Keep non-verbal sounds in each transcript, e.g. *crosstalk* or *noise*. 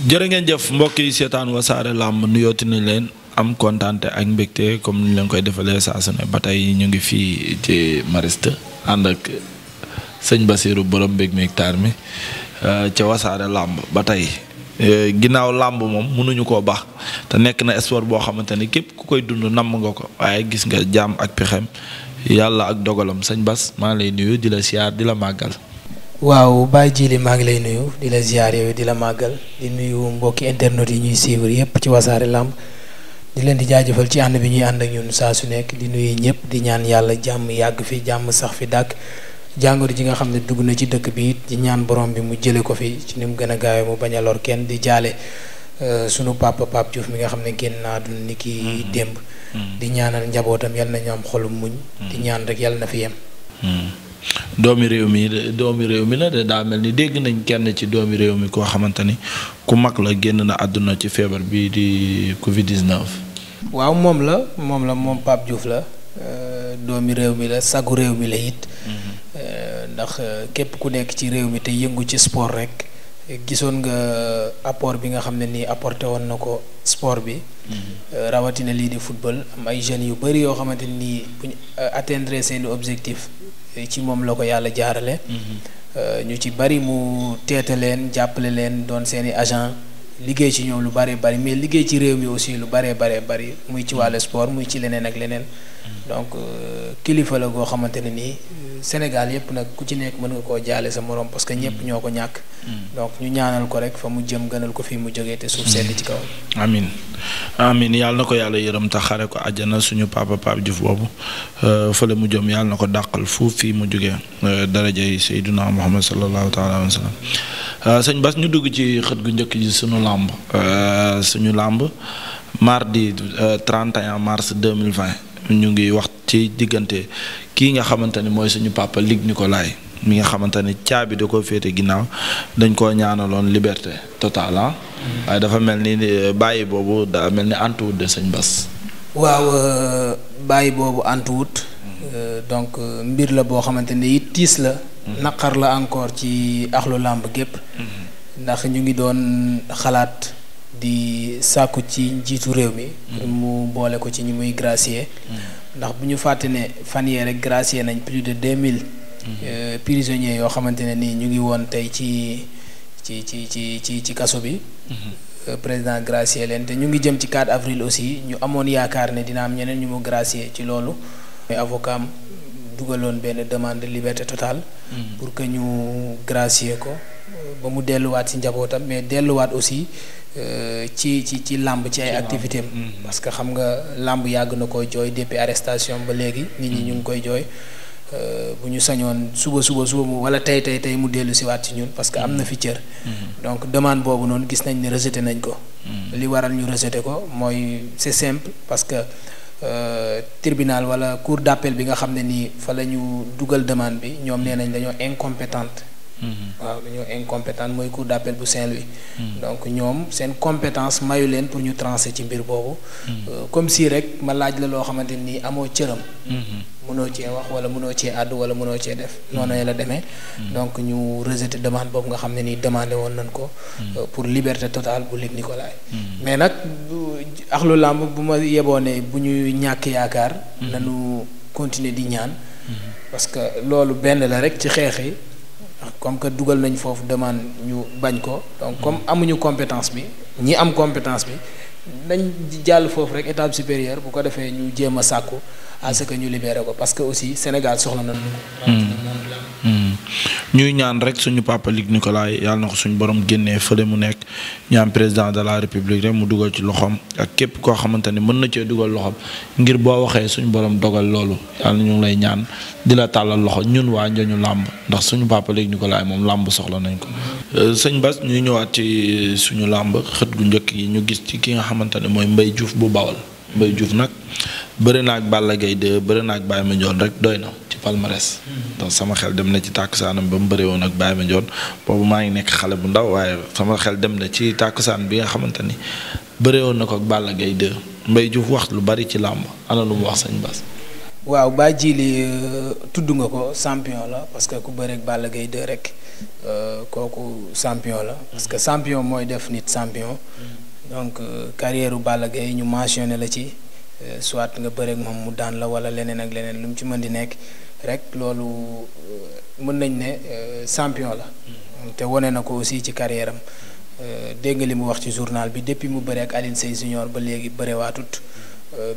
jërë ngeen jëf mbokk yi seetaan wasaare làmb nuyooti nañ leen am kontaante ak mbégte comme ni ñu leen koy defalee saa su ne ba tey ñu ngi fii ci Mariste ànd ak sëñ Basiru borom mbég mi hectare mi euh, ca wasaare làmb ba tey euh, ginnaaw làmb moom mënuñu koo baax te nekk na sport boo xamante ni képp ku koy dund namm nga ko waaye gis nga jaam ak pexem yàlla ak dogalam sëñ Bas maa lay nuyu di la siyaar di la màggal. waaw Baye Djily maa ngi lay nuyu di la ziar yooyu di la màggal di nuyu mbokki internet yi ñuy suivre yépp ci wasaare làmb di leen di jaajëfal ci ànd bi ñuy ànd ak ñun saa su nekk di nuyu ñëpp di ñaan yàlla jàmm yàgg fi jàmm sax fi dàkk jàngoro ji nga xam ne dugg na ci dëkk bi di ñaan borom bi mu jële ko fi ci ni mu gën a gaawee mu bañ a lor kenn di jaale euh, sunu papa Pape Diouf mi nga xam ne génn naa du ni ki mm-hmm. démb. Mm-hmm. di ñaanal njabootam yal na ñu am muñ. Mm-hmm. di ñaan rek na fi yem. doomi réew mi doomi réew mi la de daa mel ni dégg nañ kenn ci doomi réew mi koo xamante ni ku mag la génn na àdduna ci feebar bi di Covid 19. waaw moom la moom la moom Pape Diouf la euh, doomi réew mi la sagu réew mi la it. Mm-hmm. Euh, ndax euh, képp ku nekk ci réew mi te yëngu ci sport rek gisoon nga apport bi nga xam ne nii apporté woon na ko sport bi. Mm-hmm. rawatina lii di football am ay jeunes yu bëri yoo xamante nii bu ñu seeni objectif Eh, ci moom la ko yàlla jaarale mm-hmm. eh, ñu ci bari mu teete leen jàppale leen doon seeni agent liggéey ci ñoom lu bare bari mais liggéey ci réew mi aussi lu bare bare bari muy ci wàllu sport muy ci leneen ak leneen donc euh, kilifa la goo xamante ne nii Sénégal yëpp nag ku ci nekk mën nga koo jaale sa morom parce que ñëpp mm. ñoo ko ñàkk. Mm. donc ñu ñaanal ko rek fa mu jëm gënal ko fii mu jógee te suuf sedd ci kaw amin amin yàlla na ko yàlla yërëm tax xare ko àjjana suñu papa Pape Diouf boobu euh, fële mu jëm yàlla na ko dàqal fu fii mu jógee euh, darajay Seydina Muhammad sallallahu taala alayhi wa sallam sëñ Bass ñu dugg ci xët gu njëkk ji suñu làmb suñu làmb mardi 31 mars 2020. ñu ngi wax ci diggante kii nga xamante ni mooy suñu papa ko Nicolaï mi nga xamante ni caabi da ko féete ginnaaw dañ koo ñaanaloon liberté totale ah. Mm-hmm. waaye dafa mel ni eh, bàyyi boobu daa mel ni antuwut de sëñ bas waaw euh, bàyyi boobu antuwut. Mm-hmm. Euh, donc euh, mbir la boo xamante ni tiis la. Mm-hmm. naqar la encore ci axlu làmb gépp ndax ñu ngi doon xalaat. di sàkku ci njiitu réew mi mm-hmm. mu boole ko ci ñi muy gracier mm-hmm. ndax bu ñu fàtte ne fan yee rek gracier nañ plus de deux mille mm-hmm. euh, prisonniers yoo xamante ne nii ñu ngi woon tey ci ci ci ci ci ci kaso bi euh, président gracier leen te ñu ngi jëm ci 4 avril aussi ñu amoon yaakaar ne dina am ñeneen ñu mu gracier ci loolu mooy avocat dugaloon benn demande de liberté totale pour que ñu gracier ko ba mu delluwaat ci njabootam mais delluwaat aussi Euh, ci ci ci làmb ci ay activité mm. parce que xam nga làmb yàgg na koy jooy depuis arrestation ba léegi nit ñi mm. ñu ngi koy jooy euh, bu ñu sañoon suba suba suba mu wala tey tey tey mu dellu siwaat ci ñun parce que am na mm. fi cër donc demande boobu noonu gis nañ ni rejeté nañ ko li waral ñu rejeté ko mooy c'est simple parce que euh, tribunal wala cour d'appel bi nga xam ne nii fa la ñu dugal demande bi ñoom nee nañ dañoo incompétente waaw lu ñoo incompétente mooy cour d'appel bu Saint-Louis donc ñoom seen compétence mayu leen pour ñu tranché ci mbir boobu euh, comme si rek ma laaj la loo xamante nii amoo cëram mënoo cee wax wala mënoo cee àddu wala mënoo cee def noonu la demee donc ñu rejeté demande boobu nga xam ne nii demandé woon nañ ko euh, pour liberté totale bu Luc Nicolaï mais nag axlu làmb bu ma yeboonee bu ñu ñàkk yaakaar nañu continuer di ñaan parce que loolu benn la rek ci xeex yi comme que dugal nañ foofu demande ñu bañ ko donc comme amuñu compétence bi ñi am compétence bi nañ jàll foofu rek étape supérieure bu ko defee ñu jéem a sàkku à ce que ñu libéré parce que aussi Sénégal soxla na hmm. hmm. ñuy ñaan rek suñu papa Luc Nicolaï yàlla na ko suñu borom génnee fële mu nekk ñaan président de la république rek mu dugal ci loxoom ak képp koo xamante ni mën na cee dugal loxoom ngir boo waxee suñu borom dogal loolu yàlla ñu lay ñaan di la tàllal loxo ñun waa njañu làmb ndax suñu papa Luc Nicolaï moom làmb soxla nañ ko. Euh, sëñ bas ñuy ñëwaat ci suñu làmb xët gu njëkk yi ñu gis ci ki nga xamante ne mooy Mbaye Diouf bu Bawol Mbaye Diouf nag. bëri na ak Balla Gaye 2 bëri na ak Baye Mandione rek doy na ci palmarès. sama xel dem na ci tàkkusaanam ba mu bëri woon ak Baye Mandione boobu maa ngi nekk xale bu ndaw waaye sama xel dem na ci tàkkusaan bi nga xamante ni bëri woon na ko ak Balla Gaye 2 Mbaye Diouf wax lu bari ci làmb ana lu wax sëñ Bass. waaw Baye Djili euh, tudd nga ko champion la parce que ku bëreeg Balla Gaye 2 rek euh, kooku champion la. parce que champion mooy def nit champion. Mm. donc euh, carrière u Balla ñu mentionné la ci. Eh, soit nga bëreek moom mu daan la wala leneen ak leneen lu mu ci mën di nekk rek loolu eh, mën nañ ne eh, champion la mm. te wone na ko aussi ci carrière am dégg nga li mu wax ci journal bi depuis mu bëre ak Alioune Seye Junior ba léegi bërewaatut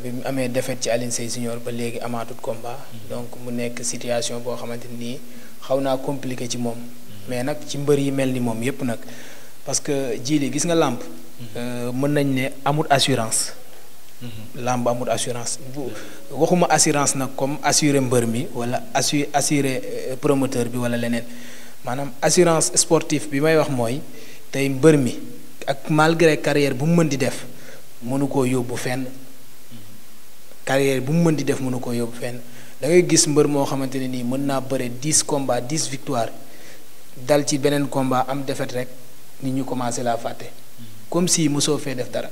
bi mu amee défaite ci Alioune Seye Junior ba léegi amaatut combat mm. donc mu nekk situation boo xamante nii xaw naa compliquer ci moom mm. mais nag ci mbër yi mel ni moom yépp nag parce que jii li gis nga làmp mën nañ ne amul assurance lamb amul assurance bu waxuma assurance nag comme assurer mbër mi wala assu assurer euh, promoteur bi wala leneen maanaam assurance sportive bi may wax mooy tey mbër mi ak malgré carrière bu mu mën di def mënu koo yóbbu fenn carrière bu mu mën di def mënu koo yóbbu fenn da ngay gis mbër moo xamante ne nii mën naa bëre dix combats dix victoire dal ci beneen combat am défaite rek nit ñu commencé laa fàtte comme si mosoo fee def dara.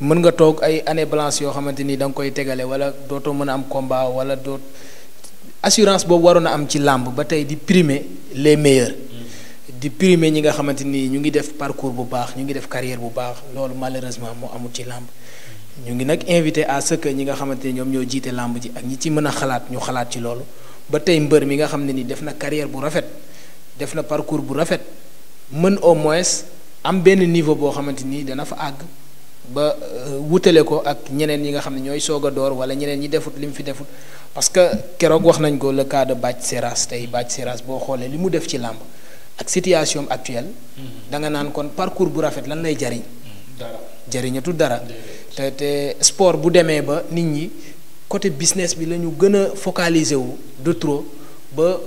mën nga toog ay année blanche yoo xamante ni da nga koy tegale wala dootoo mën a am combat wala doot assurance boobu waroon a am ci làmb ba tey di primer les meilleurs. Mm. di primer ñi nga xamante ni ñu ngi def parcours bu baax ñu ngi def carrière bu baax loolu malheureusement moo amul ci làmb. Mm. ñu ngi nag invité à ce que ñi nga xamante ni ñoom ñoo jiite làmb ji ak ñi ci mën a xalaat ñu xalaat ci loolu ba tey mbër mi nga xam ne nii def na carrière bu rafet def na parcours bu rafet mën au moins am benn niveau boo xamante ni dana fa àgg. ba euh, wutale ko ak ñeneen yi nga xam ne ñooy soog a door wala ñeneen ñi defut li mu fi defut parce que keroog wax nañ ko la cas de Bathie tey Bathie Seras boo xoolee li mu def ci làmb ak situation actuelle mm-hmm. da nga naan kon parcours bu rafet lan lay jariñ mm-hmm. dara jariñatu dara te te sport bu demee ba nit ñi côté business bi la ñu gën a focaliser wu de trop ba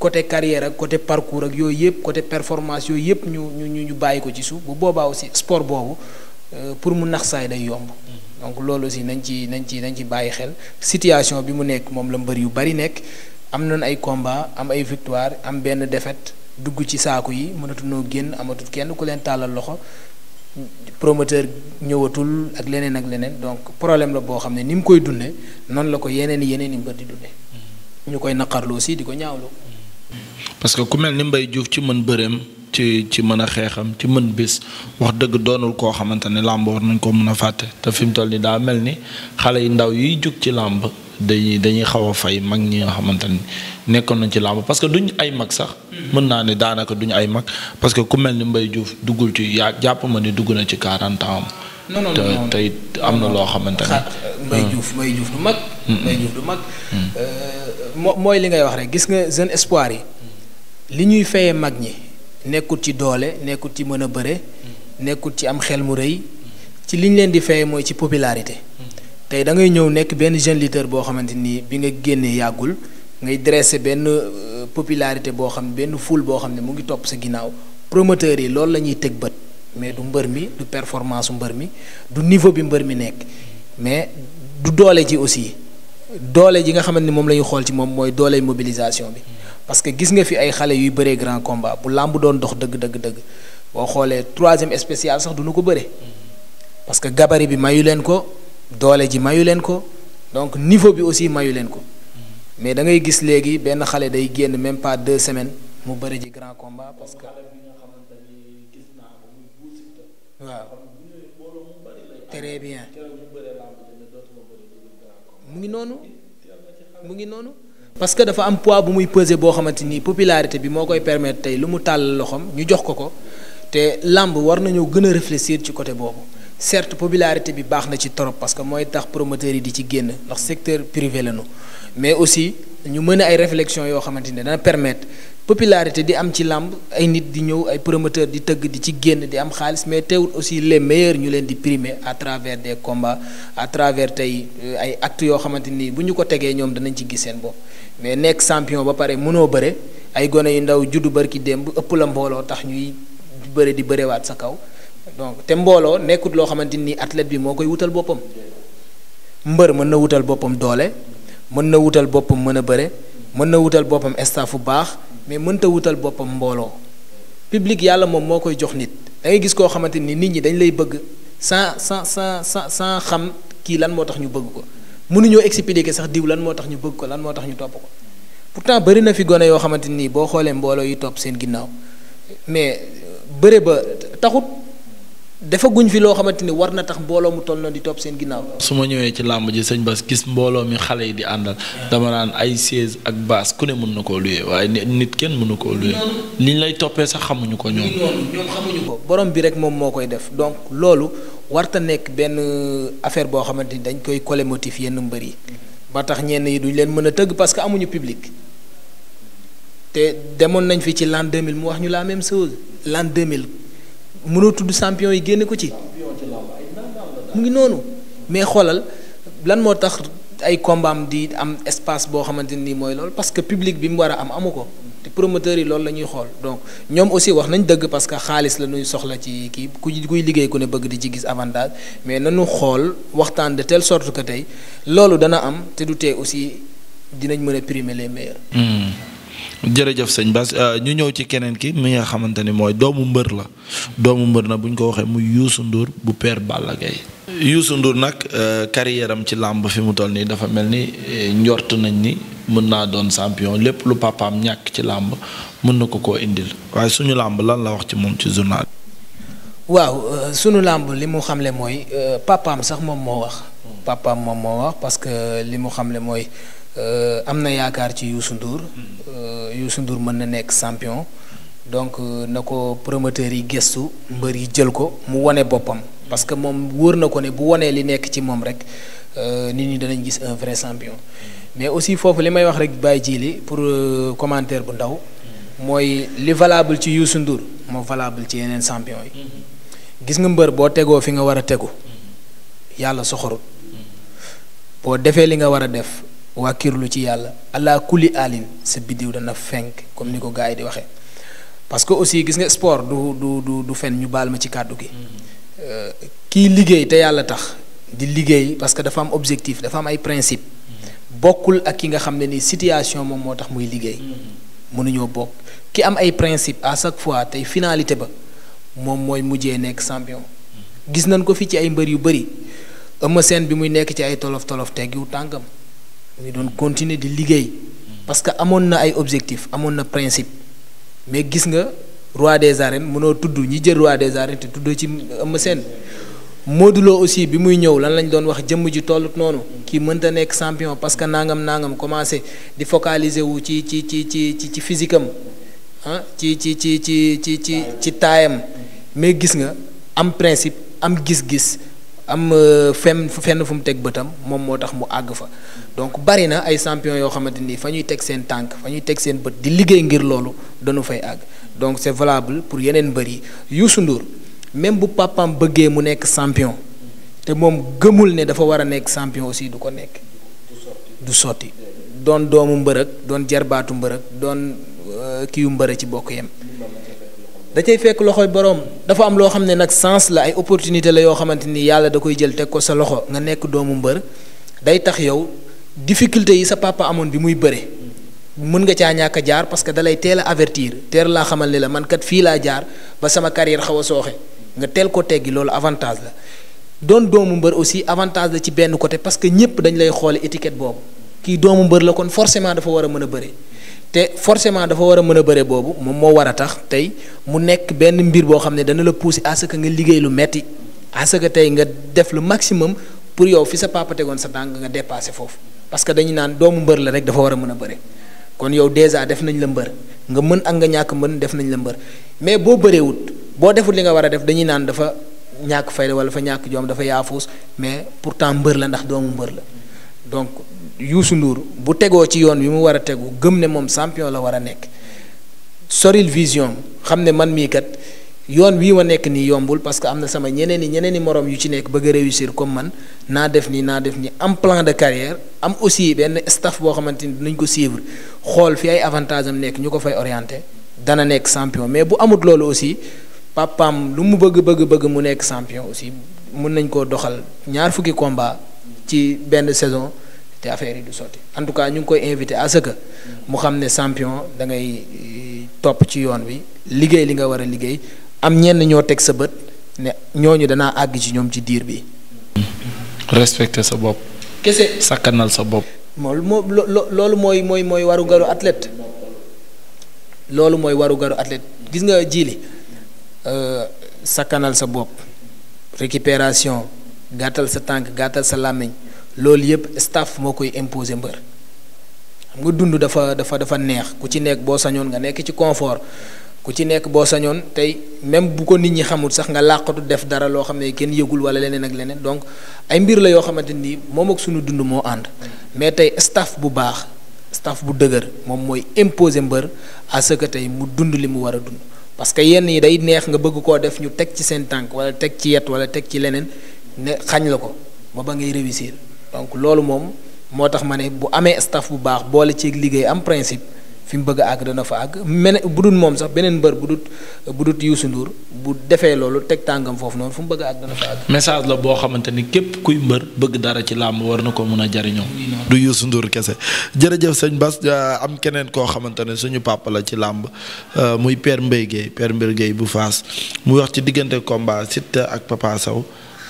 côté carrière ak côté parcours ak yooyu yëpp côté performance yooyu yëpp ñu ñu ñu bàyyi ko ci suuf bu boobaa aussi sport boobu Euh, pour mu nax saay day yomb donc loolu aussi nañ ci nañ ci nañ ci bàyyi xel situation bi mu nekk moom la mbër yu bari nekk am nañ ay combat am ay victoire am benn défaite dugg ci saaku yi mënatunoo génn amatul kenn ku leen tàllal loxo promoteur ñëwatul ak leneen ak leneen donc problème la boo xam ne ni mu koy dunde noonu la ko yeneen yeneen i mbër di dunde mm-hmm. ñu koy naqarlu aussi di ko ñaawlu mm-hmm. parce que ku mel ni Mbaye Diouf ci mën bëreem ci ci mën a xeexam ci mën bis wax dëgg doonul koo xamante ne làmb war nañ ko mën a fàtte te fi mu toll nii daa mel ni xale yu ndaw yuy jug ci làmb dañuy dañuy xaw a fay mag ñi nga xamante ni nekkoon nañ ci làmb parce que duñ ay mag sax. mën naa ne daanaka duñ ay mag parce que ku mel ni mbay juuf duggul ci yaa jàpp ma ni dugg na ci 40 ans am. non tey am na loo xamante ne. Mbaye hmm. Diouf juuf Diouf du mag. Hmm. Mbaye Diouf du hmm. euh, mooy li ngay wax rek gis nga jeune espoir yi. li ñuy fayee mag ñi. nekkul ci doole nekkul ci mën a bëre mm. nekkul ci am xel mu rëy ci liñ leen di fay mooy ci popularité mm. tey da ngay ñëw nekk benn jeune leader boo xamante ni bi nga génnee yàggul ngay dressé benn euh, popularité boo xam benn foule boo xam ne mu ngi topp sa ginnaaw promoteurs yi loolu la ñuy teg bët mais du mbër mi du performance mbër mi du niveau bi mbër mi nekk mais du doole ci aussi doole ji nga xamante ni moom la ñu xool ci moom mooy doole mobilisation bi. parce que gis nga fi ay xale yuy bëree grand combat bu làmb doon dox dëgg dëgg dëgg boo xoolee troisième spécial sax du nu ko bëre parce que gabarit bi mayu leen ko doole ji mayu leen ko donc niveau bi aussi mayu leen ko mais da ngay gis léegi benn xale day génn même pas deux semaines mu bëri ji grand combat parce que waaw bien mu ngi noonu mu ngi noonu parce que dafa am poids bu muy peser boo xamante ni popularité bi moo koy permettre tey lu mu tàll loxoom ñu jox ko ko te làmb war nañoo gën a réfléchir ci côté boobu certes popularité bi baax na ci trop parce que mooy tax promoteurs yi di ci génn ndax secteur privé lañu mais aussi ñu mën ay réflexion yoo xamante ni dana permettre popularité di am ci làmb ay nit di ñëw ay promoteur di tëgg di ci génn di am xaalis mais teewul aussi le meilleurs ñu leen di primer à travers des combats à travers tey euh, ay actes yoo xamante ni bu ñu ko tegee ñoom danañ ci gis seen bopp mais nekk champion ba pare mënoo bëre ay gone yu ndaw juddu ki démb ëpp la mbooloo tax ñuy bëre di bërewaat sa kaw donc te mbooloo nekkut loo xamante ni athlète bi moo koy wutal boppam mbër mën na wutal boppam doole mën na wutal boppam mën a bëre mën na wutal boppam staff bu baax mais mënta wutal boppam mbooloo public yàlla moom moo koy jox nit da gis koo xamante ni nit ñi dañu lay bëgg sans sans sans sans xam kii lan moo tax ñu bëgg ko mënuñoo expliquer sax diw lan moo tax ñu bëgg ko lan moo tax ñu topp ko pourtant bëri na fi gone yoo xamante nii boo xoolee mbooloo yi topp seen ginnaaw mais bëre ba taxut dafa guñ fi loo xamante ni war na tax mbooloo mu toll na di topp seen ginnaaw. su ma ñëwee ci làmb ji sëñ Bas gis mbooloo mi xale yi di àndal dama naan ay chaise ak baas ku ne mën na koo luye waaye nit kenn mënu koo luyee liñ lay toppee sax xamuñu ko ñoom. borom bi rek moom moo koy def donc loolu warta nekk benn affaire boo xamante ni dañ koy collé motif yenn mbër yi ba tax ñenn yi duñ leen mën a tëgg parce que amuñu public te demoon nañ fi ci l'an 2000 mu wax ñu la même chose l'an 2000. mënoo tudd champion yi génne ko ci mu ngi noonu mais xoolal lan moo tax ay kombaam di am espace boo xamante nii mooy lool parce que public bi mu war a am amu ko te promoteurs yi loolu la ñuy xool donc ñoom aussi wax nañ dëgg parce que xaalis la ñuy soxla ci kii ku kuy liggéey ku ne bëgg di ci gis avantage mais nañu xool waxtaan de telle sorte que tey loolu dana am te du tee aussi dinañ mën a primer les meilleurs. Hmm. jërëjëf sëñ Bass euh, ñu ñëw ci keneen ki mi nga xamante ni mooy doomu mbër la doomu mbër na bu ñu ko waxee muy yuusu nduur bu père Balla Gaye Youssou Ndour nag euh, carrière am ci làmb fi mu toll nii dafa mel ni euh, njort nañ ni mën naa doon champion lépp lu papaam ñàkk ci làmb mën na ko koo indil waaye suñu làmb lan la wax ci moom ci journal waaw sunu làmb li mu xamle mooy papaam sax moom moo wax pappaam moom moo wax parce que li mu xamle mooy am na yaakaar ci Youssou nduur Youssou Ndour mën na nekk champion donc euh, na ko promoteur yi gëstu mbër yi jël ko mu wone boppam parce que moom wóor na ko ne bu wonee li nekk ci moom rek euh, nit ñi danañ gis un vrai champion mais aussi foofu li may wax rek bàyyi ji li pour euh, commentaire bu ndaw mooy li valable ci Youssou Ndour moo valable ci yeneen champion yi gis nga mbër boo tegoo fi nga war a tegu yàlla soxorut boo defee li nga war a def waa lu ci yàlla allah kulli alin sa biddiw dana fenk comme ni ko gars yi di waxee parce que aussi gis nga sport du du du fen ñu baal ma ci kàddu gi euh, kiy liggéey te yàlla tax di liggéey parce que dafa am objectif dafa am ay principe bokkul ak ki nga xam ne ni situation moom moo tax muy liggéey mënuñoo bokk ki am ay principe à chaque fois tey finalité ba moom mooy mujjee nekk champion gis nañ ko fi ci ay mbër yu bëri Eumeu Sène bi muy nekk ci ay tolof tolof teggiwu tànkam mu ngi doon continuer di liggéey parce que amoon na ay objectif amoon na principe mais gis nga roi des arènes munoo tudd ñi jël roi des arènes tudd ci Eumeu Sène Modou aussi bi muy ñëw lan lañ doon wax jëmm ji tollut noonu kii mënta nekk sampion parce que nangam nangam commencé di focaliser wu ci ci ci ci ci ci physique am ah ci ci ci ci ci ci ci taayam mais gis nga am principe am gis-gis am euh, fenn fenn fu mu teg bëtam moom moo tax mu àgg fa donc bari na ay champion yoo xamante ni fa ñuy teg seen tànk fa ñuy teg seen bët di liggéey ngir loolu dañu fay àgg donc c'est valable pour yeneen mbër yi Youssou Ndour même bu papam bëggee mu nekk champion te moom gëmul ne dafa war a nekk champion aussi du ko nekk du sotti doon doomu mbërëg doon jarbaatu mbërëg doon euh, kiiwu mbërëg ci bokk yem da cay fekk loxoy boroom dafa am loo xam ne nag sens la ay opportunité la yoo xamante ni yàlla da koy jël teg ko sa loxo nga nekk doomu mbër day tax yow difficulté yi sa papa amoon bi muy bëre mun nga caa ñàkk a jaar parce que da lay teel a avertir teel laa xamal ni la man kat fii laa jaar ba sama carrière xaw a sooxe nga teel ko teggi loolu avantage la doon doomu mbër aussi avantage la ci benn côté parce que ñépp dañ lay xoole étiquette boobu kii doomu mbër la kon forcément dafa war a mën a bëre te forcément dafa war a mën a bëre boobu moom moo war a tax tey mu nekk benn mbir boo xam ne dana la pousser à que nga liggéey lu metti à que tey nga def lu maximum pour yow fi sa papa sa tànk nga dépassé foofu parce que dañu naan doomu mbër la rek dafa war a mën a bëre kon yow déjà def nañ la mbër nga mën ak nga ñàkk mën def nañ la mbër mais boo bëreewut boo deful li nga war a def dañuy naan dafa ñàkk fayda wala fa ñàkk joom dafa yaafuus mais pourtant mbër la ndax doomu mbër la donc. Youssou Ndour bu tegoo ci yoon wi mu war a tegu gëm ne moom sampion la war a nekk soril vision xam ne man mii kat yoon wii ma nekk nii yombul parce que am na sama ñeneen i ñeneen i moroom yu ci nekk bëgg a réussir comme man naa def nii naa def nii am plan de carrière am aussi benn staff boo xamante ni dinañ ko suivre xool fi ay avantage am nekk ñu ko fay orienté dana nekk champion mais bu amut loolu aussi papaam lu mu bëgg bëgg bëgg mu nekk champion aussi mun nañ koo doxal ñaar fukki ci benn saison. te affaire yi du sotti en tout cas ñu ngi koy invité à ce que mu xam ne champion da ngay eh, topp ci yoon wi liggéey li nga war a liggéey am ñenn ñoo teg sa bët ne ñooñu danaa àgg ci ñoom ci diir bi. respecte sa bopp. kese sakkanal sa bopp. moom mooy mooy mooy warugaru athlète loolu mooy warugaru athlète gis nga jiili euh, sakkanal sa bopp récupération gàttal sa tànk gàttal sa làmmiñ loolu yëpp staff moo koy imposer mbër xam nga dund dafa dafa dafa neex ku ci nekk boo sañoon nga nekk ci confort ku ci nekk boo sañoon tey même bu ko nit ñi xamul sax nga làqatu def dara loo xam ne kenn yëgul wala leneen ak leneen donc ay mbir la yoo xamante ni moom ak suñu dund moo ànd mais tey staff bu baax staff bu dëgër moom mooy imposer mbër à ce que tey mu dund li mu war a dund parce que yenn yi day neex nga bëgg koo def ñu teg ci seen tànk wala teg ci yet wala teg ci leneen ne xañ la ko ba ngay réussir. donc loolu moom moo tax ma ne bu amee staff bu baax boole ci liggéey am principe fi mu bëgg a àgg dana fa àgg mene bu dul moom sax beneen mbër bu dul bu dul Youssou Ndour bu defee loolu teg tàngam foofu noonu fu mu bëgg a àgg dana fa àgg. message la boo xamante ni képp kuy mbër bëgg dara ci làmb war na ko mun a jariñoo. du Youssou nduur kese jërëjëf sëñ Bass euh, am keneen koo xamante ne suñu papa ci làmb euh, muy Père Mbaye Guèye bu Faas mu wax ci diggante combat Siteu ak Papa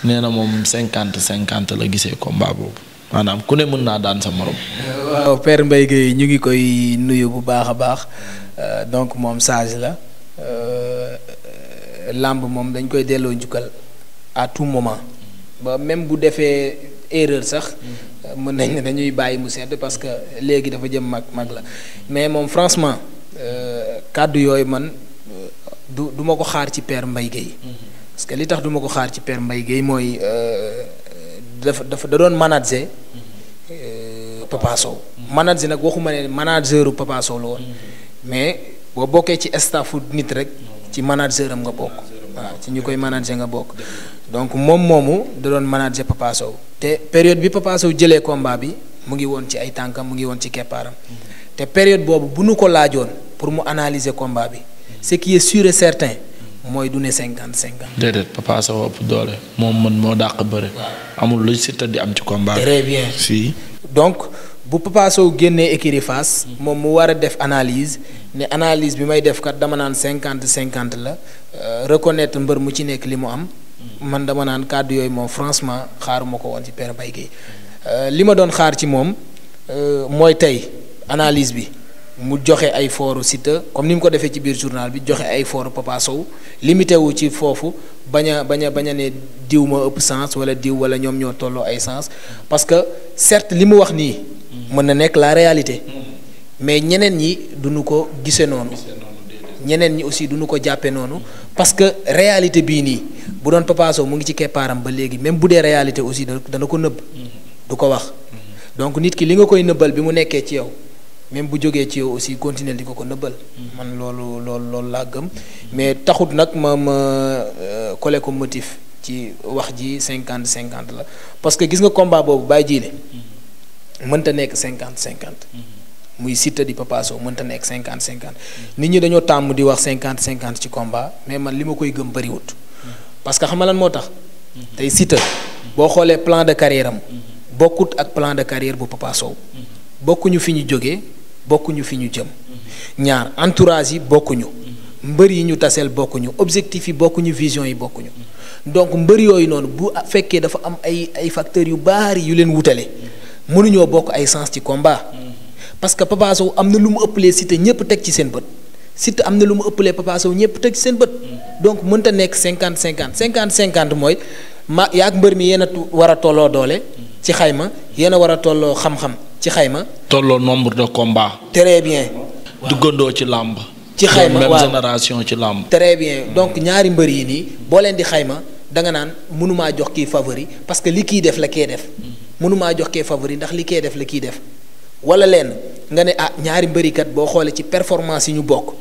nee na moom cinquante cinquante la gisee combat boobu maanaam ku ne mën naa daan sa morom. waaw Père Mbaye ñu ngi koy nuyu bu baax a baax euh, donc moom sage la euh, làmb moom dañ koy delloo njukkal à tout moment ba même bu defee erreur sax. mën nañ ne dañuy bàyyi mu sedd parce que léegi dafa jëm mag mag la mais moom franchement euh, kàddu yooyu man du du ko xaar ci Père Mbaye Gueye parce que li tax duma ko xaar ci père Mbaye Guèye mooy euh, dafa dafa da doon manager euh, Papa Sow manager nag waxuma ne manageru Papa la woon mais boo bokkee ci staffu nit rek ci manager am nga bokk waaw ci ñu koy manager nga bokk donc moom moomu da doon manager Papa te période bi Papa Sow jëlee combat bi mu ngi woon ci ay tànkam mu ngi woon ci keppaaram te période boobu bu nu ko laajoon pour mu analyser combat bi ce qui est sûr certain mooy du ne cinquante cinquante. de Papa Sow ëpp doole moom man moo dàq bëre. amul lu Siteu di am ci combat. très bien si. donc bu Papa génnee écurie Fass moom mu war a def analyse ne analyse bi may def kat dama naan cinquante cinquante la euh, reconnaître mbër mu ci nekk li mu am. man dama naan kàddu yooyu moom franchement xaaruma ko woon ci Père Mbaye Guèye euh, li ma doon xaar ci moom euh, mooy tey analyse bi. mu joxe ay fooru Siteu comme ni mu ko defee ci biir journal bi joxe ay fooru Papa Sow limité wu ci foofu bañ a bañ a bañ a ne diw ma ëpp sens wala diw wala ñoom ñoo tolloo ay sens parce que certes li mu wax nii. mën na nekk la réalité. mais ñeneen ñi duñu ko gisee noonu. ñeneen ñi aussi dunu ko jàppee noonu. parce que réalité bii nii bu doon Papa mu ngi ci keppaaram ba léegi même bu dee réalité aussi dana ko nëbb. du ko wax donc nit ki li nga koy nëbbal bi mu nekkee ci yow. même bu jógee ci yow aussi continuer di ko ko nëbbal. man loolu loolu loolu laa gëm. mais taxut nag ma ma euh, collé ko motif ci wax ji cinquante cinquante la parce que gis nga combat boobu bàyyi jiile. mënta nekk cinquante cinquante. muy Siteu di Papa mënta nekk cinquante cinquante. nit ñi dañoo tàmm di wax cinquante cinquante ci combat mais man li ma koy gëm bëriwut. parce que xam nga moo tax. tey Siteu boo xoolee plan de carrière am. bokkut ak plan de carrière bu Papa bokkuñu fi ñu jógee bokkuñu fi ñu jëm ñaar entourage yi bokkuñu mbër yi ñu taseel bokkuñu objectif yi bokkuñu vision yi bokkuñu donc mbër yooyu noonu bu fekkee dafa am ay ay facteurs yu baari yu leen wutale mënuñoo bokk ay sens ci combat parce que Papa am na lu mu ëpp ëppalee Siteu ñëpp teg ci seen bët Siteu am na lu mu ëppalee Papa Sow ñëpp teg ci seen bët donc mënta nekk cinquante cinquante cinquante cinquante mooy ma yaa ak mbër mi yéen a war a tolloo doole ci xayma yéen a war a tolloo xam ci xayma. tolloo nombre de combats. très bien. duggandoo ci làmb. ci xayma waaw ci làmb. très bien donc ñaari mbër yi nii boo leen di xayma da nga naan mënumaa jox kii favori parce que li kii def la kee def. mënumaa jox kee favori ndax li kee def la kii def wala leen nga ne ah ñaari mbërikat boo xoolee ci performance yi ñu bokk.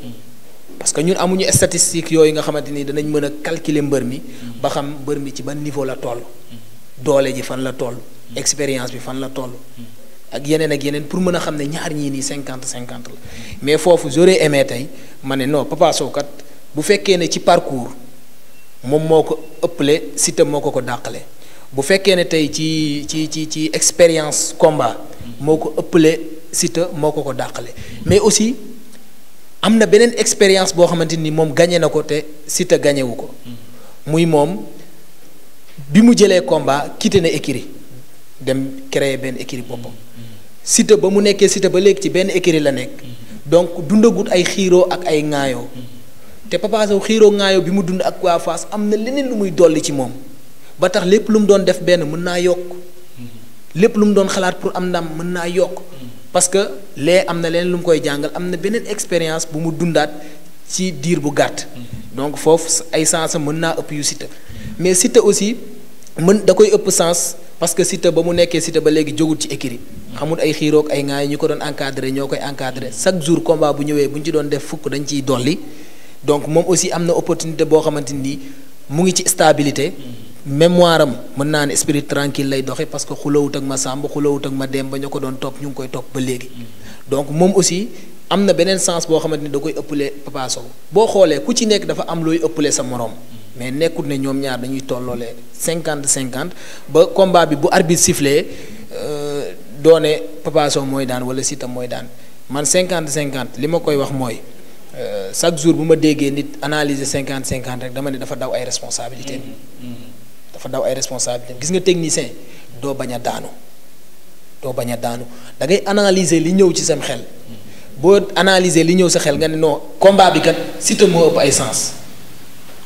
parce que ñun amuñu statistique yooyu nga xamante ni danañ mën a mbër mi ba xam mbër mi ci ban niveau la toll doole ji fan la toll expérience bi fan la toll ak yeneen ak yeneen pour mën a xam ne ñaar ñii nii cinquante cinquante la mais foofu j'aurais aimé tey ma ne non Papa Sow kat bu fekkee ne ci parcours moom moo ko ëpple Siteu moo ko ko dàqale bu fekkee ne tey ci ci ci ci expérience combat moo ko ëppale Siteu moo ko ko dàqale mais aussi am na beneen expérience boo xamante ni moom gañe na ko te Siteu gañewu ko muy moom bi mu jëlee comba quitté na écurie dem créer benn écurie boppam Siteu ba mu nekkee Siteu ba léegi ci benn écurie la nekk donc dundagut ay xiiro ak ay ŋaayoo te Papa xiiro xiiroo ŋaayoo bi mu dund ak waa Fass am na leneen lu muy dolli ci moom ba tax lépp lu mu doon def benn mën naa yokk lépp lu mu doon xalaat pour am ndam mën naa yokk parce que lee am na leneen lu mu koy jàngal am na beneen expérience bu mu dundaat ci diir bu gàtt donc foofu ay sens mën naa ëpp yu Siteu mais Siteu aussi mën da koy ëpp sens parce que Siteu ba mu nekkee Siteu ba léegi jógul ci écurie amul ay xiiroog ay ŋaay ñu ko doon encadré ñoo koy encadré chaque jour combat bu ñëwee bu ñu ci doon def fukk dañ ciy dolli donc moom aussi am na opportunité boo xamante ni mu ngi ci stabilité. Mm-hmm. mémoire am mën naa ne esprit tranquille lay doxe parce que xulawut ak ma sàmb xulawut ak ma dem ba ñu ko doon topp ñu ngi koy topp ba léegi. Mm-hmm. donc moom aussi am na beneen sens boo xamante ni da koy ëppale Papa Sow boo xoolee ku ci nekk dafa am looy ëppale sa moroom. Mm-hmm. mais nekkut ne ñoom ñaar dañuy tolloolee cinquante cinquante ba combat bi bu arbitre sifflé. Euh, doone Papa mooy daan wala Siteu mooy daan man cinquante cinquante li ma koy wax mooy euh, chaque jour bu ma déggee nit analyser cinquante cinquante rek dama ne dafa daw ay responsabilités mm-hmm. Mm-hmm. dafa daw ay responsabilités gis nga technicien doo bañ a daanu doo bañ a daanu da ngay analyser li ñëw ci sam xel mm-hmm. boo analyser li ñëw sa xel nga ne noo combat bi kat Siteu moo ëpp ay sens.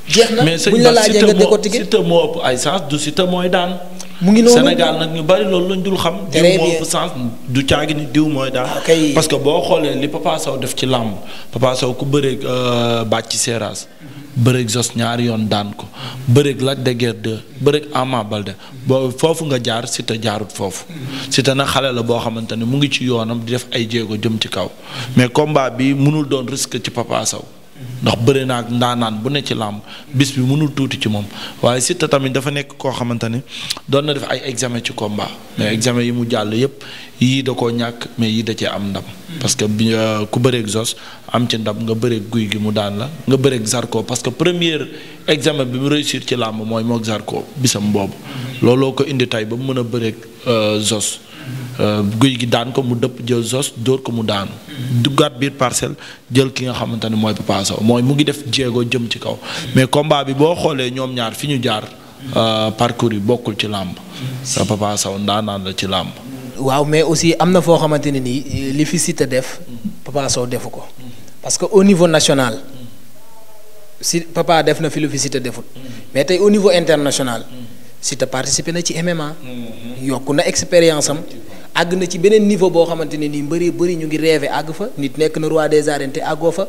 jeex na bu ñu la laajee nga décortiquer moo ay sens du mooy daan. mu ngi noonu Sénégal nag ñu bari loolu lañ dul xam. diw moo sens du caagi ni diw mooy daal. Ah, parce que boo xoolee li Papa Sow def ci làmb Papa Sow ku bëreeg euh, bàcc seeraas. bëreeg Jos ñaari yoon daan ko bëreeg Lac de Guiers 2 bëreeg Ama balde boobu foofu nga jaar si te jaarut foofu. si te nag xale la boo xamante ne mu ngi ci yoonam di def ay jéego jëm ci kaw. mais combat bi mënul doon risque ci Papa Sow. ndax bëre naa ak ndaanaan bu ne ci làmb bis bi mënul tuuti ci moom waaye Siteu tamit dafa nekk koo xamante ni doon na def ay examen ci combat mais examen yi mu jàll yëpp yii da koo ñàkk mais yii da cee am ndam. parce que bi euh, ku bëreeg Zos am ci ndam nga bëreeg guy gi mu daan la nga bëreeg Zarko parce que premier examen bi mu réussir ci làmb mooy moog Zarko bisam boobu. looloo ko indi tey ba mu mën a bëreeg euh, Zos. Euh, guy gi daan ko mu dëpp jël zos dóor ko mu daanu. duggaat biir parcelle jël ki nga xamante ne mooy Papa Sow mooy mu ngi def jéego jëm ci kaw. mais combat bi boo xoolee ñoom ñaar fi ñu jaar. Euh, parcour yi bokkul ci làmb. sa Papa Sow ndaanaan la ci làmb. waaw mais aussi am na foo xamante ne nii li fi Siteu def. Papa Sow defu ko. parce que au niveau national. si Papa def na fi lu fi Siteu defut. mais tey au niveau international. Siteu participé na ci MMA. yokk na expérience am àgg na ci beneen niveau boo xamante ne nii mbëri bëri ñu ngi rêvé àgg fa nit nekk na roi des arènes te àggoo fa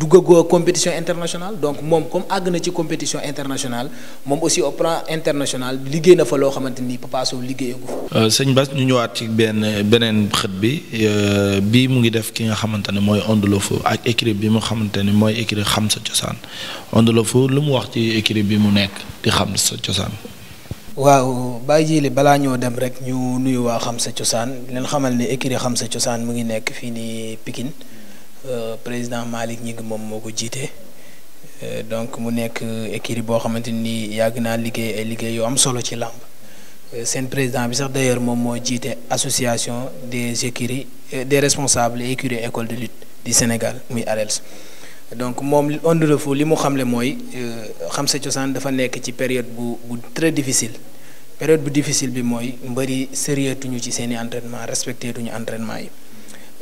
duggagoo compétition internationale donc moom comme àgg na ci compétition internationale moom aussi au plan international liggéey na fa loo xamante ni Papa Sow liggéeyagu fa. Euh, sëñ Bass ñu ñëwaat ci benn beneen xët bi euh, bii mu ngi def ki nga xamante ne mooy Onde le Fou ak écurie bi mu xamante ne mooy écurie xam sa cosaan Onde le lu mu wax ci écurie bi mu nekk di xam sa cosaan. waaw Baye Djily balaa ñoo dem rek ñu nuyu waa xam sa cosaan leen xamal ne écurie xam sa cosaan mu ngi nekk fii nii Pikine euh, président Malick ñi ngi moom moo ko jiite euh, donc mu nekk écurie boo xamante ni yàgg naa liggéey ay liggéey yoo am solo ci làmb euh, seen président bi sax d'ailleurs moom moo jiite association des écuries des responsables écurie école de lutte du Sénégal muy ARELS. donc moom Onde le li mu xamle mooy euh, xam sa cosaan dafa nekk ci période bu bu très difficile période bu difficile bi mooy mbëri sérieux ci seen i entraînement respecté tuñu entraînement yi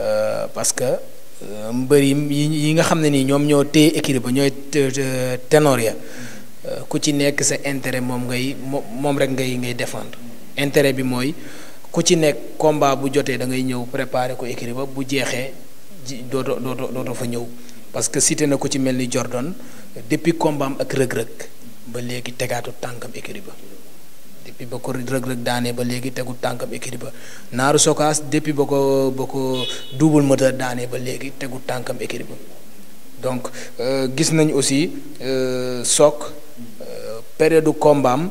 euh, parce que euh, mbëri yi nga xam ne nii ñoom ñoo téye équilibre ba ñooy ténor ya ku ci nekk sa intérêt moom ngay moom rek ngay ngay défendre intérêt bi mooy ku ci nekk combat bu jotee da ngay ñëw préparer ko équilibre ba bu jeexee ji dootoo dootoo dootoo fa ñëw. parce que cité na ko ci mel ni Jordan depuis kombaam ak rëg-rëg ba léegi tegaatu tànkam écurie ba depuis ba ko rëg-rëg daanee ba léegi tegu tànkam écurie ba naaru sokaas depuis ba ko ba ko double moteur ba léegi tegu tànkam écurie ba donc euh, gis nañ aussi euh, sook euh, période kombaam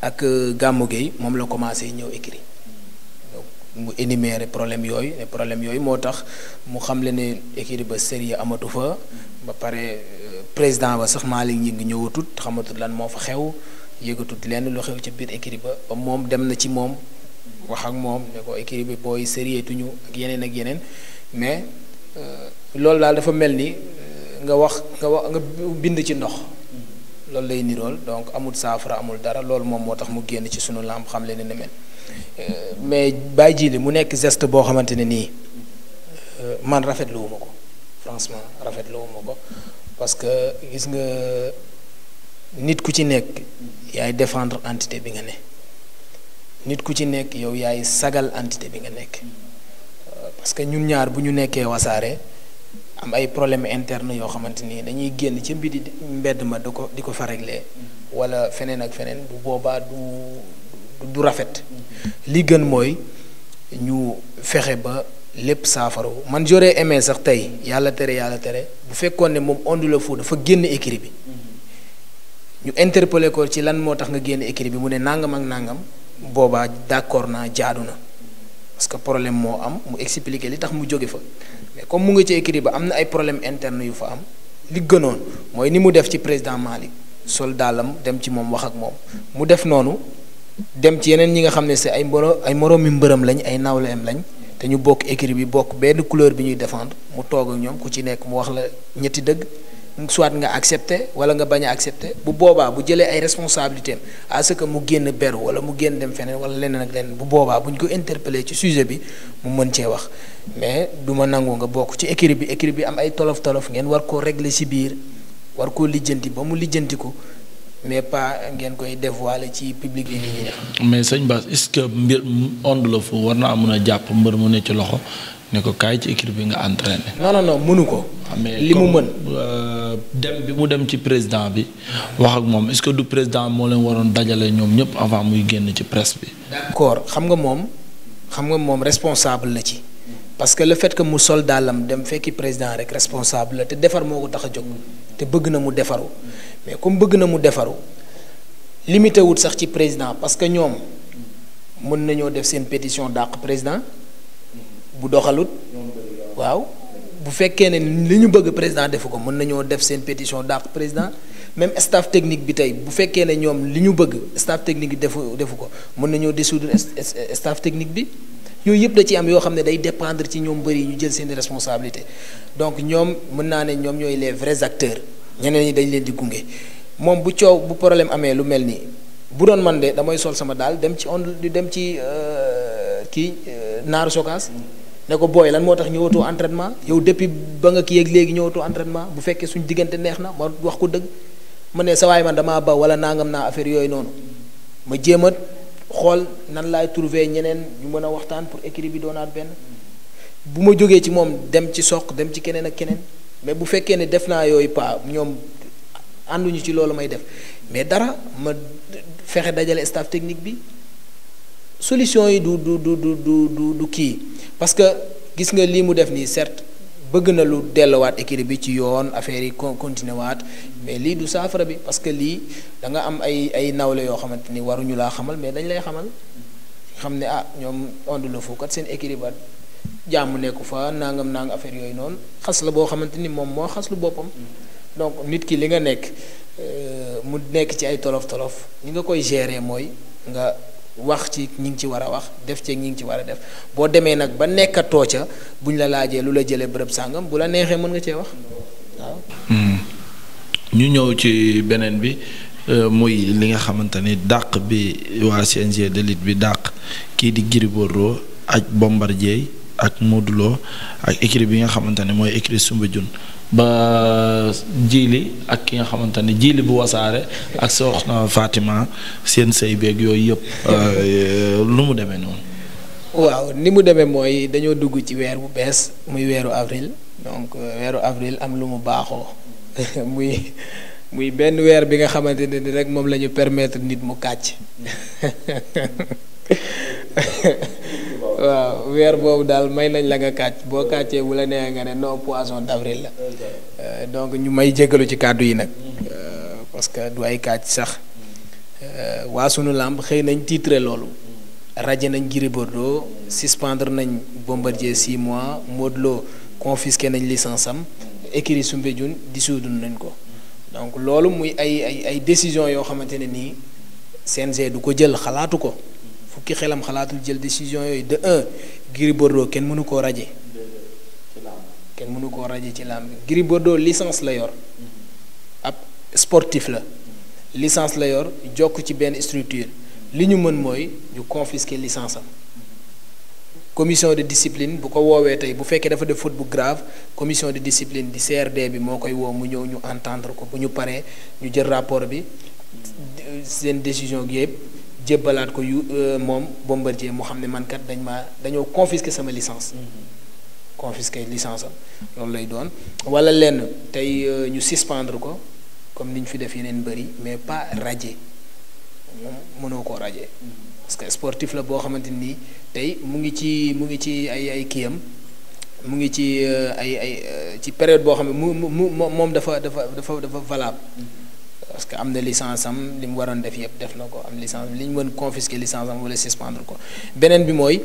ak gàmmu géey moom la commencé ñëw écurie mu énuméré problème yooyu ne problème yooyu moo tax mu xam le ne équipe ba sérieux amatu fa ba pare euh, président ba sax Malick ñi ngi ñëwatut xamatut lan moo fa xew yëgatut lenn lu xew ca biir équipe ba ba moom dem na ci moom wax ak moom ne ko équipe bi booy sérieux tuñu ak yeneen ak yeneen mais euh, loolu daal dafa mel ni euh, nga wax nga wax nga bind ci ndox loolu lay nirool donc amul saafara amul dara loolu moom moo tax mu génn ci sunu làmb xam leen ne mel. Euh, mais bàyyi ji li mu nekk geste boo xamante ne nii euh, man rafetlu wu ma ko franchement rafetlu wu ma ko parce que gis nga nit ku ci nekk yaay défendre entité bi nga ne nit ku ci nekk yow yaay sagal entité bi nga nekk euh, parce que ñun ñaar bu ñu nekkee wasaare am ay problème interne yoo xamante ni dañuy génn ci mbidi mbedd ma di ko di ko fa régler wala feneen ak feneen bu boobaa du du rafet li gën mooy ñu fexe ba lépp saafarawu man jore aimé sax tey yàlla tere yàlla tere bu fekkoon ne moom Onde le Fou dafa génn écrit bi ñu interpellé ci lan moo tax nga génn écrit bi mu ne nangam ak nangam boobaa d'accord naa jaadu na parce que problème moo am mu expliqué li tax mu jóge fa mais comme mu ngi ci écrit ba am na ay problème interne yu fa am li gënoon mooy ni mu def ci président Malick sol dem ci moom wax ak moom mu def noonu dem ci yeneen ñi nga xam ne si ay mboro ay moroomi mbërëm lañ ay nawleem lañ te ñu bokk écrit bi bokk benn couleur bi ñuy défendre mu toog ak ñoom ku ci nekk mu wax la ñetti dëgg soit nga accepté wala nga bañ a accepté bu boobaa bu jëlee ay responsabilités à que mu génn beru wala mu génn dem feneen wala leneen ak leneen bu boobaa buñ ko interpellé ci sujet bi mu mën cee wax mais du ma nangu nga bokk ci écrit bi écrit bi am ay tolof tolof ngeen war koo régler si biir war koo lijjanti ba mu lijjanti ko mais pas ngeen koy dévoiler ci public bi nit mais sëñ Bass est que mbir Onde la fu war naa mën a jàpp mbër mu ne ci loxo ne ko kaay ci équipe bi nga entraîné. non non non mënu ko. Ah, li mu mën euh, dem bi mu dem ci président bi wax ak moom est-ce que du président moo leen waroon dajale ñoom ñëpp avant muy génn ci presse bi. d'accord xam nga moom xam nga moom responsable la ci. parce que le fait que mu sol dem fekki président rek responsable la te defar moo ko tax a jóg te bëgg na mu defaru mais comme bëgg na mu defaru limité wut sax ci président parce que ñoom mën nañoo def seen pétition dàq président bu doxalut waaw bu fekkee ne li ñu bëgg président defu ko mën nañoo def seen pétition dàq président même staff technique bi tey bu fekkee ne ñoom li ñu bëgg staff technique bi defu defu ko mën nañoo dissoudre staff technique bi yooyu yëpp da ci am yoo xam ne day dépendre ci ñoom bëri ñu jël seen responsabilité donc ñoom mën naa ne ñoom ñooy les vrais acteurs ñeneen ñi dañ leen di gunge moom bu coow bu problème amee lu mel nii bu doon man de damay sol sama daal dem ci on dem ci euh, kii euh, naaru sokaas ne ko booy lan moo tax ñëwatoo entraînement yow depuis ba nga kii ak léegi ñëwatoo entraînement bu fekkee suñ diggante neex na ma wax ko dëgg ma ne sawaay waay man damaa ba wala nangam naa affaire yooyu noonu ma jéem a xool nan laay trouver ñeneen ñu mën a waxtaan pour équipe bi doonaat benn bu ma jógee ci moom dem ci soq dem ci keneen ak keneen mais bu fekkee ne def naa yooyu pas ñoom ànduñu ci loolu may def mais dara ma fexe dajale staff technique bi solution yi du du du du du kii parce que gis nga lii mu def nii certes bëgg na lu delluwaat équipe bi ci yoon affaire yi con waat mais lii du saafara bi parce que lii da nga am ay ay nawle yoo xamante ni waruñu laa xamal mais dañ lay xamal xam ne ah ñoom ondu la foofu kat seen équilibre jàmm nekku fa nangam nang affaire yooyu noonu xas la boo xamante ni moom moo xas lu boppam donc nit ki li nga nekk euh, mu nekk ci ay tolof tolof ñi nga koy gérer mooy nga wax ci ñi ngi ci war a wax def ci ñi ngi ci war a def boo demee nag ba nekkatoo ca buñ la laajee lu la jëlee bërëb sàngam bu la neexee mën nga cee wax hmm. ñu ñëw ci beneen bi euh, muy li nga xamante ni dàq bi waa CNG de lutte bi dàq kii di Gris Bordeaux ak Bombardier ak Modou Lo ak écurie bi nga xamante ne mooy écurie Soumbédioune ba jiili ak ki nga xamante ne jiili bu wasaare ak soxna Fatima seen sëy beeg yooyu yëpp euh, lu mu demee noonu. waaw ni mu demee mooy dañoo dugg ci weer bu bees muy weeru avril donc euh, weeru avril am lu mu baaxoo *laughs* muy muy benn weer bi nga xamante ne ni rek moom la ñu permettre nit mu kàcc. *laughs* waaw weer boobu daal may nañ la nga kàcc boo kàccee bu la neexee nga ne non poisson d'avril la euh, donc ñu may jégalu ci kàddu yi nag euh, parce que du ay kàcc sax euh, waa sunu làmb xëy nañ tiitre loolu raje nañ Gris Bordeaux suspendre nañ Bombardier six mois Modou Lo confisqué nañ licence am écurie Soumbédioune dissoudre nañ ko donc loolu muy ay ay ay décision yoo xamante ne nii CNG du ko jël xalaatu ko fukki xelam xalaatul jël décision yooyu de un Gris kenn mënu koo raje kenn mënu koo raje ci làmb Gris Bordeaux licence la yor ab sportif la licence la yor jokk ci benn structure li ñu mën mooy ñu confisquer licence commission de discipline bu ko woowee tey bu fekkee dafa def faute bu grave commission de discipline di CRD bi moo koy woo mu ñëw ñu entendre ko bu ñu paree ñu jël rapport bi seen décision gi yëpp jébbalaat ko yu euh, moom Bombardier moo xam ne man kat dañ ma dañoo confisquer sama licence. Mm-hmm. confisquer licence am loolu lay doon walla lenn tey euh, ñu suspendre ko comme ni ñu fi def yeneen bëri mais pas radier moom mënoo koo radier mm-hmm. parce que sportif boo xamante nii tey mu ngi ci mu ngi ci ay ay kiyam mu ngi ci euh, ay ay ci période boo xam ne mu moom dafa dafa dafa dafa parce que am na licence am li mu waroon def yëpp def na ko am licence li ñu mën confisquer licence am wala suspendre ko beneen bi mooy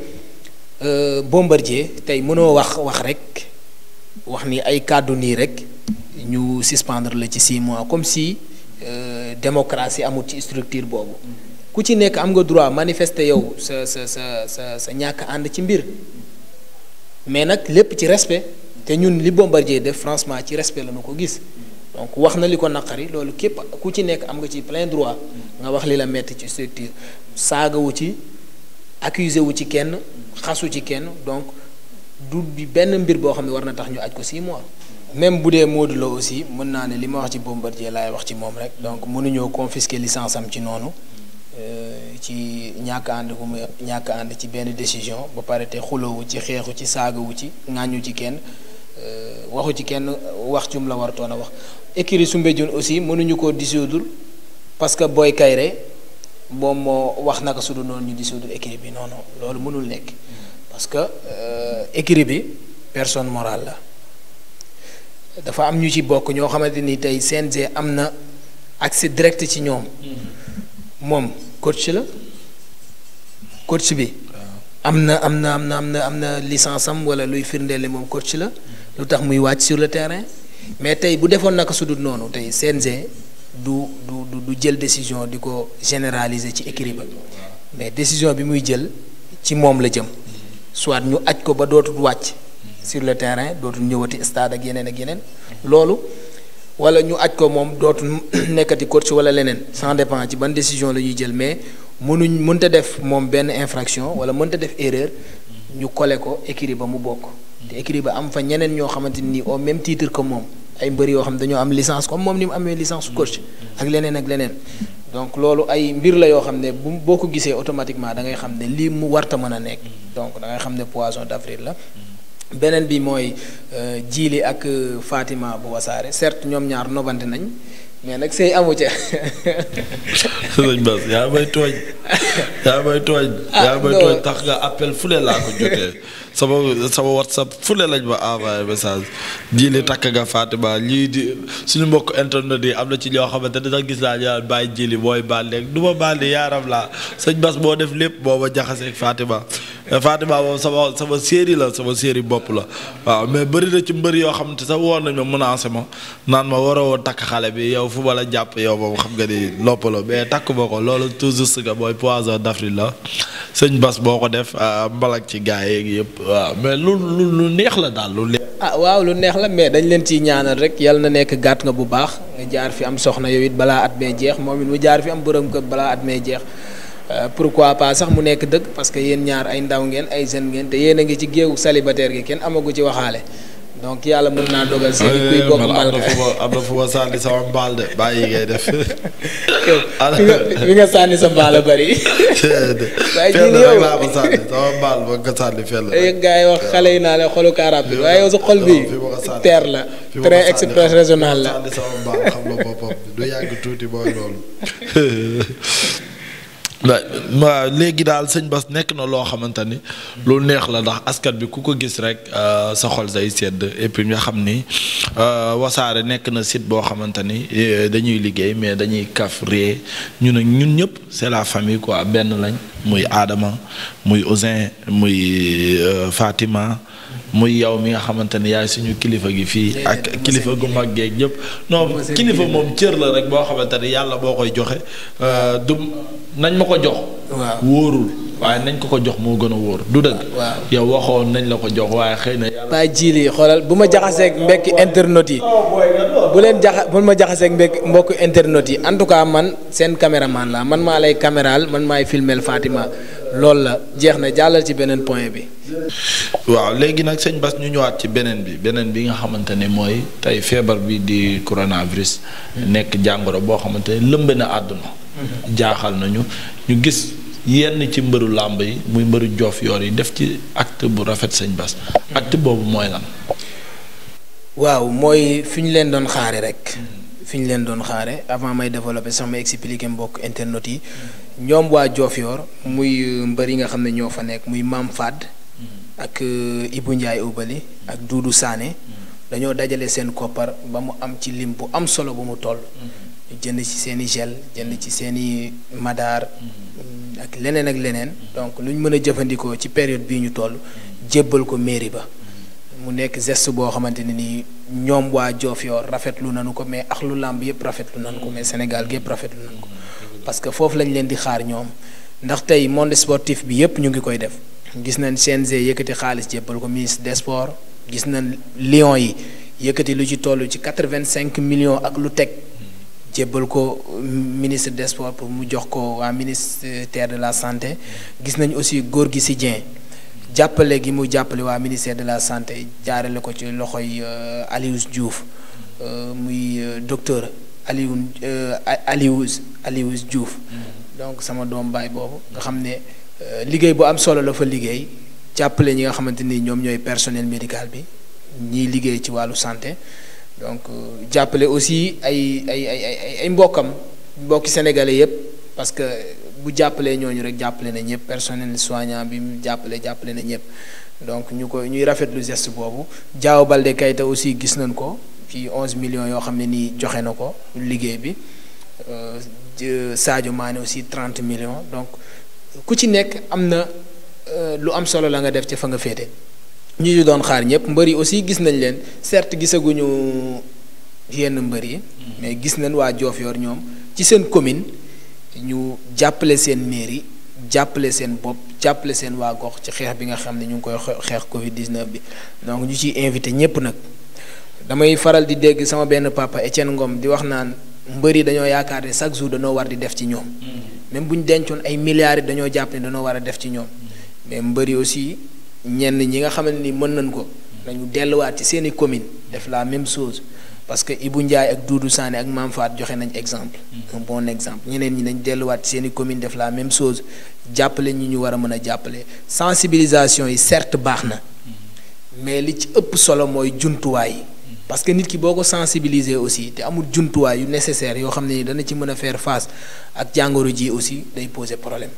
euh, Bombardier tey mënoo wax wax rek wax ni ay kàddu lii rek ñu suspendre la ci six mois comme si euh, démocratie amul ci structure boobu ku ci nekk am nga droit manifester yow sa sa sa sa sa ñàkk ànd ci mbir mais nag lépp ci respe te ñun li Bombardier def francement ci respect la ñu ko gis donc wax na li ko naqari loolu képp ku ci nekk am nga ci plein droit nga wax li la metti ci structure saagawu ci accusé wu ci kenn xasu ci kenn donc du bi benn mbir boo xam ne war na tax ñu aj ko six mois même bu dee Modou Lo aussi mën naa ne li ma wax ci Bombardier laay wax ci moom rek donc mënuñoo confisquer licence am ci noonu euh, ci ñàkk ànd bu mu ñàkk ànd ci benn décision ba pare te xuloowu ci xeexu ci saagawu ci ŋàññu ci kenn Euh, waxu ci kenn wax cum la wartoon a wax écurie Soumbédioune aussi mënuñu koo dissoudre parce que booy Kayré moom moo wax naka su noonu ñu dissoudre écurie bi noonu loolu mënul nekk parce que euh, écurie bi personne morale la dafa am ñu ci bokk ñoo xamante ni tey CNG am na accès direct ci ñoom mm-hmm. moom coach la coach bi am na am na am na am na am na licence am wala luy firndeel moom coach la lu tax muy wàcc sur le terrain mais tey bu defoon naka su dul noonu tey CNG du du du jël décision di ko généraliser ci écurie ba mais décision bi muy jël ci moom la jëm soit ñu aj ko ba dootul wàcc sur le terrain dootul ñëwati stade ak yeneen ak yeneen loolu wala ñu aj ko moom dootul *clears throat* nekkati coach wala leneen sans dépend ci ban décision la ñuy jël mais mënuñ mënta def moom benn infraction wala mënta def erreur ñu kole ko écurie ba mu bokk te écrit ba am fa ñeneen ñoo xamante ni au même titre ko moom ay mbër yoo xam dañoo am licence comme moom ni mu amee licence coach ak leneen ak leneen donc loolu ay mbir la yoo xam ne bu boo ko gisee automatiquement dangay xam ne lii mu warta mën a nekk donc da ngay xam ne poisson d'avril la beneen bi mooy euh, Jili ak euh, Fatima bu wasaare certes ñoom ñaar nobante nañ mais nag sëy amu ca. sëñ Bas yaa may tooñ. yaa may tooñ. Ah, yaa may tooñ tax nga appel fule laa ko jotee sama sama whatsapp fule lañ ma envoyé message jii li takk nga Fatima lii di suñu mbokk internet yi am na ci ñoo xamante ne sax gis laa ñu naan bàyyi jii mooy bànneeg du ma bànneeg yaaram laa sëñ Bas moo def lépp moo jaxasee jaxaseeg Fatima. Eh, Fatima moom sama sama série la sama série bopp la waaw mais bëri na ci mbër yoo xam te sax woon nañ ma menacé ma naan ma waroo takk xale bi yow fu ma jàpp yow moom xam nga ni loppaloo mais takk ma ko loolu toujours que mooy poison d'Afrique la sëñ Bas boo ko def ah, mbalak ci gars yeeg yëpp waaw mais lu lu lu neex la daal lu ah waaw lu neex la mais dañu leen ciy ñaanal rek yal na nekk gàtt nga bu baax nga jaar fi am soxna yow it balaa at mee jeex moom it mu jaar fi am borom kër balaa at mee jeex. Euh, pourquoi pas sax mu nekk dëkk parce que yéen ñaar ay ndaw ngeen ay jeunes ngeen te yéen a ngi ci géewu célibataire gi kenn amagu ci waxaale donc yàlla mën naa dogal seen kuy bokk malka am sànni sama mbaal de bàyyi ngay def. bi *laughs* nga sànni a *laughs* sama mbaal ba nga ko sànni fenn. gars yi wax xale yi naa ne xolu kaarab bi waaye yow xol bi teer la. très express régional la. *laughs* waaw léegi daal sëñ Bass nekk na loo xamante ni lu neex la ndax askan bi ku ko gis rek euh, sa xol say sedd et puis nga xam ni euh, wasaare nekk na site boo xamante ni euh, dañuy liggéey mais dañuy kaf ree ñu ne ñun ñëpp c'est la famille quoi benn lañ muy aadama muy Ousin muy Fatima muy yow mi nga xamante ne yaay suñu kilifa gi fii ak kilifa gu mag geeg yëpp non kilifa moom cër la rek boo xamante ne yàlla boo koy joxe euh, du nañ ma ko jox wóorul waaye nañ ko ko jox moo gën a wóor du dëgg. yow waxoon nañ la ko jox waaye xëy na. Paa Jili xoolal bu ma jaxaseeg mbekk internet yi bu leen jaxa bu ma jaxasee mbekk mbokk internet yi en tout cas man seen caméraman la man maa lay caméral man maay filmel Fatima loolu la jeex na jàllal ci beneen point bi. waaw léegi nag sëñ Bass ñu ñëwaat ci beneen bi beneen bi nga xamante ne mooy tey feebar bi di coronavirus. nekk jàngoro boo xamante ne lëmb na àdduna. Mhm. jaaxal nañu ñu gis. yenn ci mbëru làmb yi muy mbëru joof yoor yi def ci act bu rafet sëñ Bass acte boobu mooy lan waaw mooy fi ñu leen doon xaare rek fi ñu leen doon xaare avant may développer sax may expliquer mbokk internet yi ñoom waa Diofior muy euh, mbër yi nga xam ne ñoo fa nekk muy Maam fàdd ak euh, Ibou njaay Obali ak Doudou Sané dañoo dajale seen koppar ba mu am ci lim bu am solo bu mu toll jënd ci seeni gel jënd ci seeni madaar ak leneen ak leneen donc lu ñu mën a jëfandikoo ci période bii ñu toll jébbal ko mairie ba mu nekk geste boo xamante ne nii ñoom waa Diofior rafetlu nañu ko mais ak lu làmb yëpp rafetlu nañu ko mais Sénégal gépp rafetlu nañu ko parce que foofu lañ leen di xaar ñoom ndax tey monde sportif bi yëpp ñu ngi koy def gis nañ CNG yëkkati xaalis jébbal ko ministre des sports gis na Lions yi yëkkati lu ci toll ci quatre-vingt-cinq millions ak lu teg. jébbal ko ministre des sports pour mu jox ko waa ministère de la santé gis nañ aussi góor gi si Dieng jàppale gi mu jàppale waa ministère de la santé jaarale ko ci loxoy euh, Aliou Diouf euh, muy euh, docteur Aliou Aliou Aliou Diouf donc sama doom baay boobu nga xam ne liggéey bu am solo la fa liggéey jàppale ñi nga xamante ni ñoom ñooy personnel médical bi ñiy liggéey ci wàllu santé donc euh, jàppale aussi ay ay ay ay mbokkam mbokki sénégalais yépp parce que bu jàppalee ñooñu rek jàppale na ñëpp personnel soignant bi mu jàppale jàppale na ñëpp donc ñu ko ñuy rafetlu geste boobu Diao Baldé Keita aussi gis nañ ko ci onze millions yoo xam ne nii joxe na ko liggéey bi euh, Sadio Mané aussi trente million donc ku ci nekk am na euh, lu am solo la nga def ca fa nga féete. ñi ñu doon xaar ñëpp mbër yi aussi gis nañ leen certes gisaguñu yenn mbër yi mais gis nañ waa joof Diofior ñoom ci seen commune ñu jàppale seen mairie jàppale seen bopp jàppale seen waa gox ci xeex bi nga xam ne ñu ngi koy xeex Covid 19 bi donc ñu ciy invité ñëpp nag damay faral di dégg sama benn papa Etienne Ngom di wax naan mbër yi dañoo yaakaar ne chaque jour dañoo war di def ci ñoom. Mm. même bu ñu dencoon ay milliards dañoo jàpp ne dañoo war a def ci ñoom ñenn ñi nga xamante ni mën nañ ko nañu delluwaat ci seeni commune def la même chose parce que Ibou Ndiaye ak duudu Sané ak Mame Faat joxe nañ exemple un bon exemple ñeneen ñi nañ delluwaat ci seeni commune def la même chose jàppale ñi ñu war a mën a jàppale sensibilisation yi certes baax na mais li ci ëpp solo mooy jumtuwaay parce que nit ki boo ko sensibiliser aussi te amul jumtuwaay yu nécessaire yoo xam ne dana ci mën a faire face ak jàngoro ji aussi day poser problème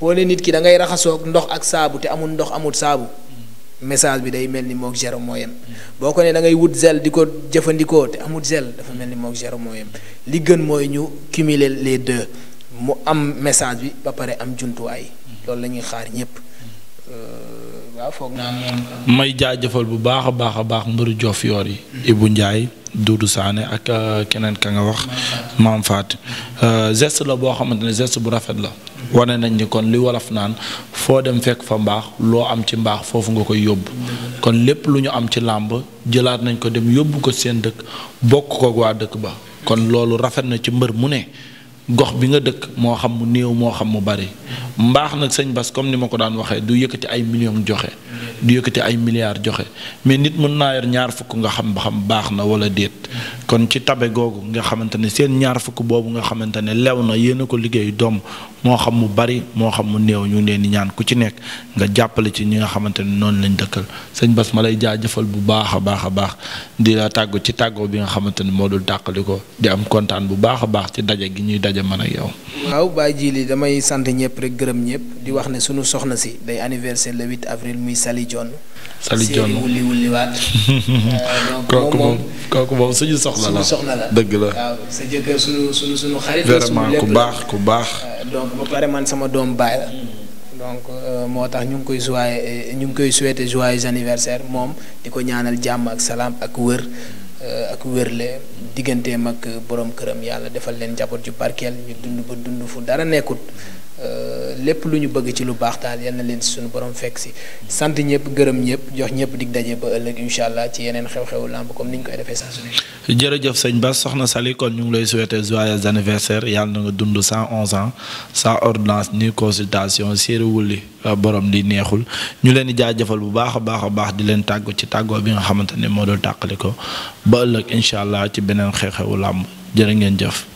boo ne nit ki da ngay raxasoog ndox ak saabu te amul ndox amul saabu message bi day mel ni moog zéro moo boo ko ne da ngay wut gel di ko jëfandikoo te amul gel dafa mel ni moog zéro moo li gën mooy ñu cumuler les deux mu am message bi ba pare am jumtuwaay loolu lañuy xaar ñépp. Euh, foog naa may jaajëfal bu baax a baax a baax mbëru jof yoor yi. Ibou Ndiaye Doudou saane ak euh, keneen ka nga wax. maam Fatou euh, geste la boo xamante ne geste bu rafet la. wane nañ ni kon li wolof naan foo dem fekk fa mbaax loo am ci mbaax foofu nga koy yóbbu kon lépp lu ñu am ci làmb jëlaat nañ ko dem yóbbu ko seen dëkk bokk ko waa dëkk ba kon loolu rafet na ci mbër mu ne. gox bi nga dëkk moo xam mu néew moo xam mu bari mbaax nag sëñ Bas comme ni ma ko daan waxee du yëkkati ay millions joxe du yëkkati ay milliards joxe mais nit mën naa yor ñaar fukk nga xam ba xam baax na wala déet kon ci tabe googu nga xamante ne seen ñaar fukk boobu nga xamante ne lew na yéen ko liggéey doom moo xam mu bari moo xam mu néew ñu ngi leen ñaan ku ci nekk nga jàppale ci ñi nga xamante ne noonu lañ dëkkal sëñ Bas ma lay jaajëfal bu baax a baax a baax di la tàggu ci tàggoo bi nga xamante ne moo dul tàqali ko di am kontaan bu baax a daje man ak yow. waaw Baye Djily damay sant ñëpp rek gërëm ñëpp di wax ne suñu soxna si day anniversaire le 8 avril muy Sali Dione. Sali Dione wulli wulli waat. *laughs* Euh, kooku moom kooku moom suñu soxna la soxna la dëgg la. waaw sa jëkkër sunu sunu sunu xarit. vraiment ku baax ku baax. Euh, donc ba pare man sama doom baay la. donc euh, moo tax ñu ngi koy joyeux ñu ngi koy souhaiter joyeux anniversaire moom di ko ñaanal jàmm ak salaam ak wër. Euh, ak wérle digganteem ak borom këram yàlla defal leen njaboot ju barkeel ñu dund ba dund fu dara nekkut Euh, lépp lu ñu bëgg ci lu baax daal yal na leen si suñu borom fekk si sant ñëpp gërëm ñëpp jox ñëpp dig daje ba ëllëg incha allah ci yeneen xew-xewu làmb comme ni ñu koy defee saa jërëjëf sëñ Bass soxna Sali ñu ngi lay souhaiter joyeux anniversaire yàlla na nga dund 111 ans sans ordonnance ni consultation séeréer wulli euh, borom li neexul ñu leen di jaajëfal bu baax a baax a baax di leen tàggu ci tàggoo bi nga xamante ne moo doon tàqali ko ba ëllëg incha allah ci beneen xew-xewu làmb jërë ngeen jëf.